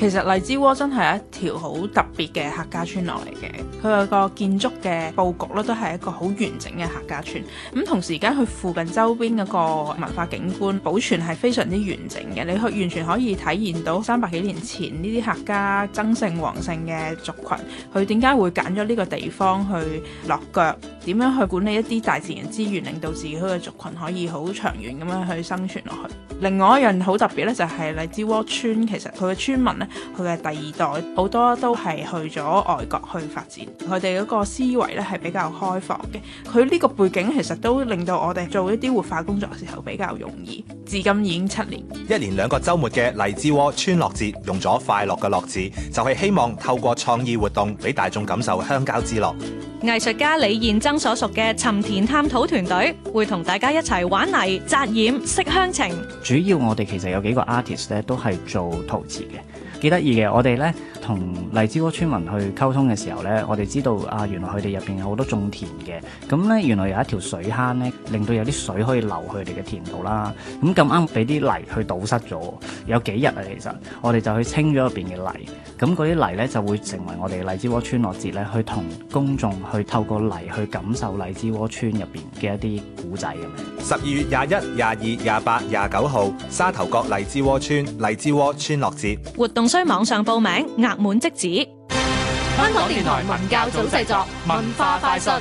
其實荔枝窩真係一條好特別嘅客家村落嚟嘅，佢有個建築嘅佈局咧都係一個好完整嘅客家村。咁同時間佢附近周邊嗰個文化景觀保存係非常之完整嘅，你可完全可以體現到三百幾年前呢啲客家曾姓、王姓嘅族群，佢點解會揀咗呢個地方去落腳，點樣去管理一啲大自然資源，令到自己嘅族群可以好長遠咁樣去生存落去。另外一樣好特別咧，就係荔枝窩村，其實佢嘅村民咧，佢嘅第二代好多都係去咗外國去發展，佢哋嗰個思維咧係比較開放嘅。佢呢個背景其實都令到我哋做一啲活化工作嘅時候比較容易。至今已經七年，一年兩個週末嘅荔枝窩村樂節，用咗快樂嘅樂字，就係、是、希望透過創意活動俾大眾感受鄉郊之樂。藝術家李燕增所屬嘅尋田探土團隊會同大家一齊玩泥、紮染、識鄉情。主要我哋其實有幾個 artist 咧，都係做陶瓷嘅，幾得意嘅。我哋咧同荔枝窩村民去溝通嘅時候咧，我哋知道啊，原來佢哋入邊有好多種田嘅，咁咧原來有一條水坑咧，令到有啲水可以流去佢哋嘅田度啦。咁咁啱俾啲泥去堵塞咗，有幾日啊，其實我哋就去清咗入邊嘅泥。咁嗰啲泥咧就會成為我哋荔枝窩村落節咧，去同公眾去透過泥去感受荔枝窩村入邊嘅一啲古仔咁。十二月廿一、廿二、廿八、廿九號，沙頭角荔枝窩村荔枝窩村落節活動需網上報名，額滿即止。香港電台文教組製作文化快訊。